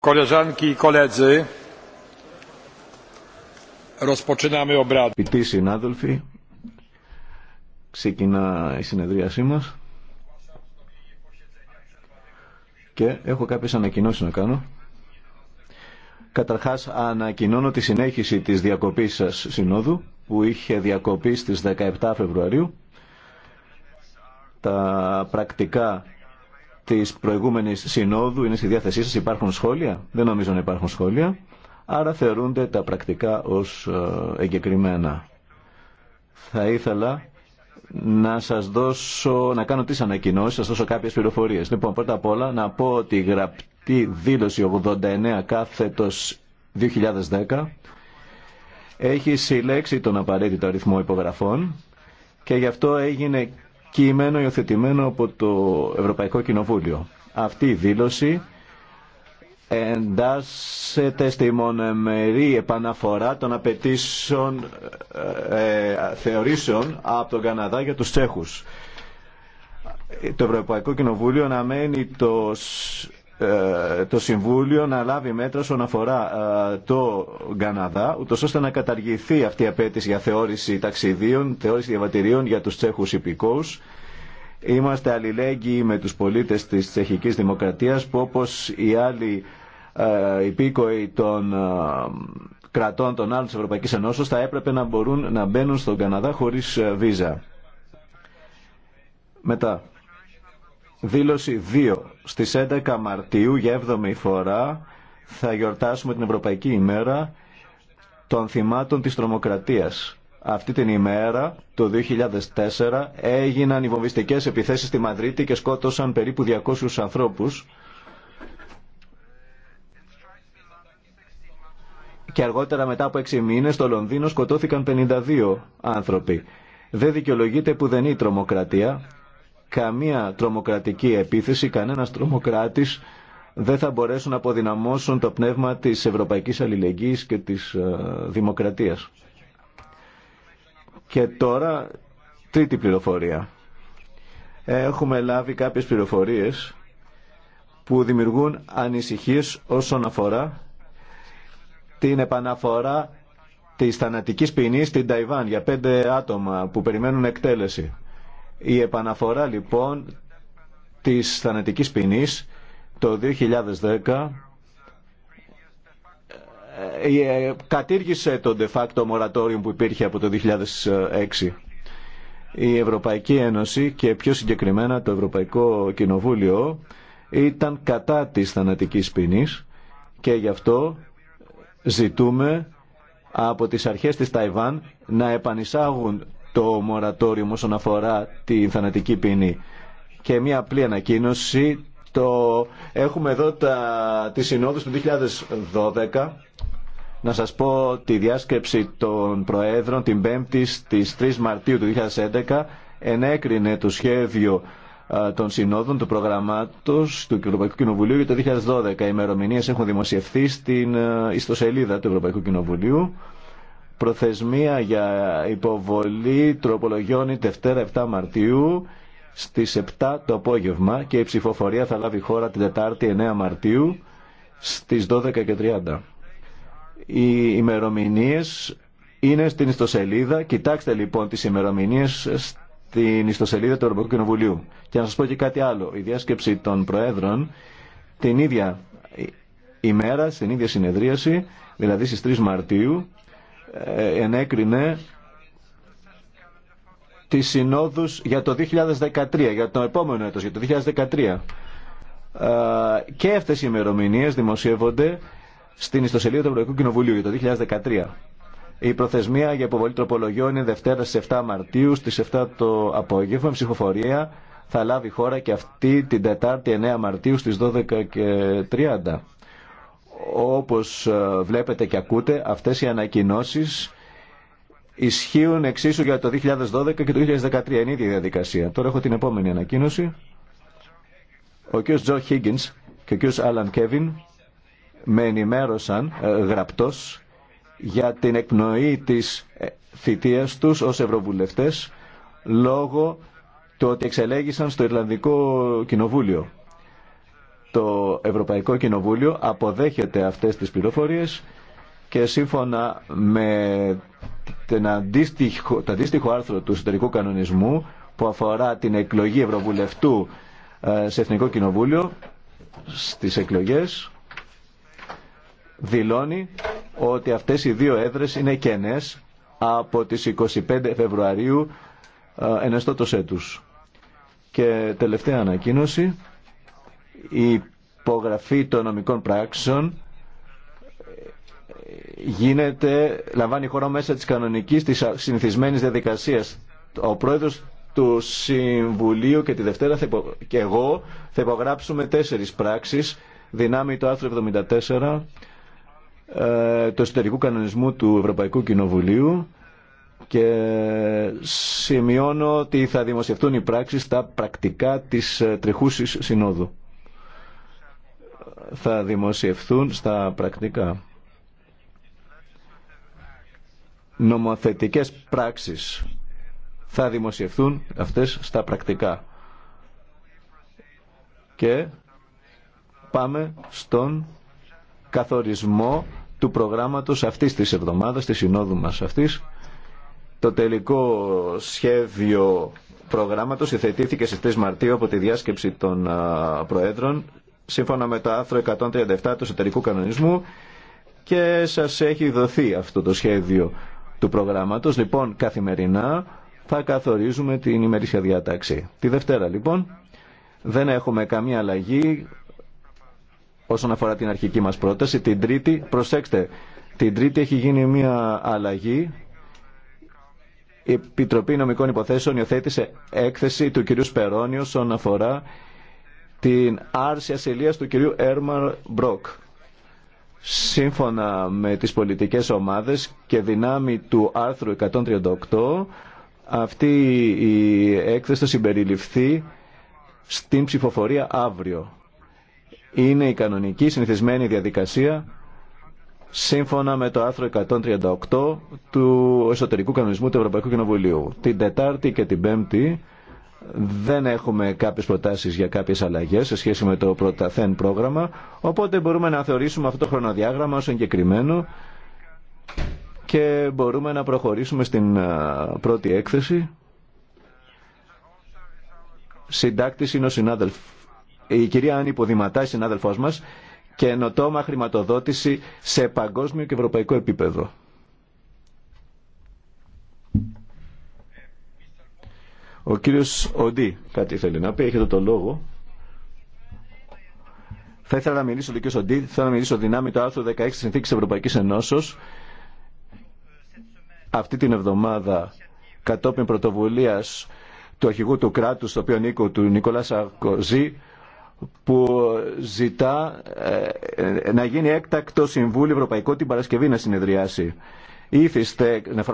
Koleżanki i koledzy, συνάδελφοι, ξεκινά η συνεδρίασή μας και έχω κάποιες ανακοινώσεις να κάνω. Καταρχάς ανακοινώνω τη συνέχιση της διακοπής σας συνόδου που είχε διακοπή στις 17 Φεβρουαρίου. Τα πρακτικά της προηγούμενης συνόδου είναι στη διάθεσή σας. Υπάρχουν σχόλια. Δεν νομίζω να υπάρχουν σχόλια. Άρα θεωρούνται τα πρακτικά ως ε, εγκεκριμένα. Θα ήθελα να σας δώσω, να κάνω τις ανακοινώσεις, σας δώσω κάποιες πληροφορίες. Λοιπόν, πρώτα απ' όλα να πω ότι η γραπτή δήλωση 89 κάθετος 2010 έχει συλλέξει τον απαραίτητο αριθμό υπογραφών και γι' αυτό έγινε κείμενο υιοθετημένο από το Ευρωπαϊκό Κοινοβούλιο. Αυτή η δήλωση εντάσσεται στη μονομερή επαναφορά των απαιτήσεων ε, θεωρήσεων από τον Καναδά για τους Τσέχους. Το Ευρωπαϊκό Κοινοβούλιο αναμένει το ε, το Συμβούλιο να λάβει μέτρα όσον αφορά ε, το Καναδά, ούτω ώστε να καταργηθεί αυτή η απέτηση για θεώρηση ταξιδίων, θεώρηση διαβατηρίων για τους τσέχου υπηκόους. Είμαστε αλληλέγγυοι με τους πολίτες της Τσεχική δημοκρατίας που όπω οι άλλοι ε, υπήκοοι των κρατών των άλλων τη Ευρωπαϊκή Ενώσεω θα έπρεπε να μπορούν να μπαίνουν στον Καναδά χωρίς βίζα. Μετά, Δήλωση 2. Στις 11 Μαρτίου για 7η φορά θα γιορτάσουμε την Ευρωπαϊκή ημέρα των θυμάτων της τρομοκρατίας. Αυτή την ημέρα, το 2004, έγιναν οι βομβιστικές επιθέσεις στη Μαδρίτη και σκότωσαν περίπου 200 ανθρώπους. Και αργότερα μετά από 6 μήνες στο Λονδίνο σκοτώθηκαν 52 άνθρωποι. Δεν δικαιολογείται που δεν είναι η τρομοκρατία καμία τρομοκρατική επίθεση, κανένας τρομοκράτης δεν θα μπορέσουν να αποδυναμώσουν το πνεύμα της ευρωπαϊκής αλληλεγγύης και της ε, δημοκρατίας. Και τώρα τρίτη πληροφορία. Έχουμε λάβει κάποιες πληροφορίες που δημιουργούν ανησυχίες όσον αφορά την επαναφορά της θανατικής ποινής στην Ταϊβάν για πέντε άτομα που περιμένουν εκτέλεση. Η επαναφορά λοιπόν της θανατικής ποινή το 2010 ε, ε, κατήργησε το de facto moratorium που υπήρχε από το 2006. Η Ευρωπαϊκή Ένωση και πιο συγκεκριμένα το Ευρωπαϊκό Κοινοβούλιο ήταν κατά της θανατικής ποινή και γι' αυτό ζητούμε από τις αρχές της Ταϊβάν να επανεισάγουν το μορατόριο όσον αφορά την θανατική ποινή. Και μια απλή ανακοίνωση. Το... Έχουμε εδώ τα... συνόδου συνόδους του 2012. Να σας πω τη διάσκεψη των Προέδρων την 5η στις 3 Μαρτίου του 2011 ενέκρινε το σχέδιο των συνόδων του προγραμμάτος του Ευρωπαϊκού Κοινοβουλίου για το 2012. Οι ημερομηνίε έχουν δημοσιευθεί στην ιστοσελίδα του Ευρωπαϊκού Κοινοβουλίου. Προθεσμία για υποβολή τροπολογιών η Δευτέρα 7 Μαρτίου στις 7 το απόγευμα και η ψηφοφορία θα λάβει χώρα την Τετάρτη 9 Μαρτίου στις 12.30. Οι ημερομηνίε είναι στην ιστοσελίδα. Κοιτάξτε λοιπόν τις ημερομηνίε στην ιστοσελίδα του Ευρωπαϊκού Κοινοβουλίου. Και να σας πω και κάτι άλλο. Η διάσκεψη των Προέδρων την ίδια ημέρα, στην ίδια συνεδρίαση, δηλαδή στις 3 Μαρτίου, ε, ενέκρινε τις συνόδους για το 2013, για το επόμενο έτος, για το 2013. Ε, και αυτές οι ημερομηνίες δημοσιεύονται στην ιστοσελίδα του Ευρωπαϊκού Κοινοβουλίου για το 2013. Η προθεσμία για υποβολή τροπολογιών είναι Δευτέρα στις 7 Μαρτίου, στις 7 το απόγευμα, ψηφοφορία θα λάβει χώρα και αυτή την Τετάρτη 9 Μαρτίου στις 12.30. Όπως ε, βλέπετε και ακούτε, αυτές οι ανακοινώσεις ισχύουν εξίσου για το 2012 και το 2013. Είναι η ίδια διαδικασία. Τώρα έχω την επόμενη ανακοίνωση. Ο κ. Τζο Higgins και ο κ. Άλαν Κέβιν με ενημέρωσαν ε, γραπτός για την εκπνοή της ε, θητείας τους ως ευρωβουλευτές λόγω του ότι εξελέγησαν στο Ιρλανδικό Κοινοβούλιο το Ευρωπαϊκό Κοινοβούλιο αποδέχεται αυτές τις πληροφορίες και σύμφωνα με την αντίστοιχο, το αντίστοιχο άρθρο του εσωτερικού κανονισμού που αφορά την εκλογή Ευρωβουλευτού ε, σε Εθνικό Κοινοβούλιο στις εκλογές δηλώνει ότι αυτές οι δύο έδρες είναι κενές από τις 25 Φεβρουαρίου ε, τους έτους. Και τελευταία ανακοίνωση η υπογραφή των νομικών πράξεων ε, γίνεται, λαμβάνει χώρα μέσα της κανονικής, της συνηθισμένης διαδικασίας. Ο πρόεδρος του Συμβουλίου και τη Δευτέρα και εγώ θα υπογράψουμε τέσσερις πράξεις δυνάμει το άρθρο 74 ε, του εσωτερικού κανονισμού του Ευρωπαϊκού Κοινοβουλίου και σημειώνω ότι θα δημοσιευτούν οι πράξεις στα πρακτικά της ε, τριχούσης συνόδου θα δημοσιευθούν στα πρακτικά. Νομοθετικές πράξεις θα δημοσιευθούν αυτές στα πρακτικά. Και πάμε στον καθορισμό του προγράμματος αυτής της εβδομάδας, της συνόδου μας αυτής. Το τελικό σχέδιο προγράμματος υθετήθηκε στις 3 Μαρτίου από τη διάσκεψη των Προέδρων σύμφωνα με το άρθρο 137 του εσωτερικού κανονισμού και σας έχει δοθεί αυτό το σχέδιο του προγράμματος. Λοιπόν, καθημερινά θα καθορίζουμε την ημερήσια διάταξη. Τη Δευτέρα, λοιπόν, δεν έχουμε καμία αλλαγή όσον αφορά την αρχική μας πρόταση. Την Τρίτη, προσέξτε, την Τρίτη έχει γίνει μια αλλαγή. Η Επιτροπή Νομικών Υποθέσεων υιοθέτησε έκθεση του κ. Σπερόνιου όσον αφορά την άρση ασυλίας του κυρίου Έρμαρ Μπροκ. Σύμφωνα με τις πολιτικές ομάδες και δυνάμει του άρθρου 138, αυτή η έκθεση θα συμπεριληφθεί στην ψηφοφορία αύριο. Είναι η κανονική συνηθισμένη διαδικασία σύμφωνα με το άρθρο 138 του εσωτερικού κανονισμού του Ευρωπαϊκού Κοινοβουλίου. Την Τετάρτη και την Πέμπτη δεν έχουμε κάποιες προτάσεις για κάποιες αλλαγές σε σχέση με το πρωταθέν πρόγραμμα, οπότε μπορούμε να θεωρήσουμε αυτό το χρονοδιάγραμμα ως εγκεκριμένο και μπορούμε να προχωρήσουμε στην πρώτη έκθεση. Συντάκτης είναι ο η κυρία Άννη υποδηματάει η συνάδελφός μας, και ενωτόμα χρηματοδότηση σε παγκόσμιο και ευρωπαϊκό επίπεδο. Ο κύριος Οντί κάτι θέλει να πει, έχετε το λόγο. Θα ήθελα να μιλήσω, ο κύριο Οντί, θα να μιλήσω δυνάμει το άρθρο 16 της Συνθήκης Ευρωπαϊκής Ενώσεως. Αυτή την εβδομάδα, κατόπιν πρωτοβουλίας του αρχηγού του κράτους, το οποίο νίκο του Νικολά Σαρκοζή, που ζητά ε, ε, να γίνει έκτακτο Συμβούλιο Ευρωπαϊκό την Παρασκευή να συνεδριάσει. Ήθιστε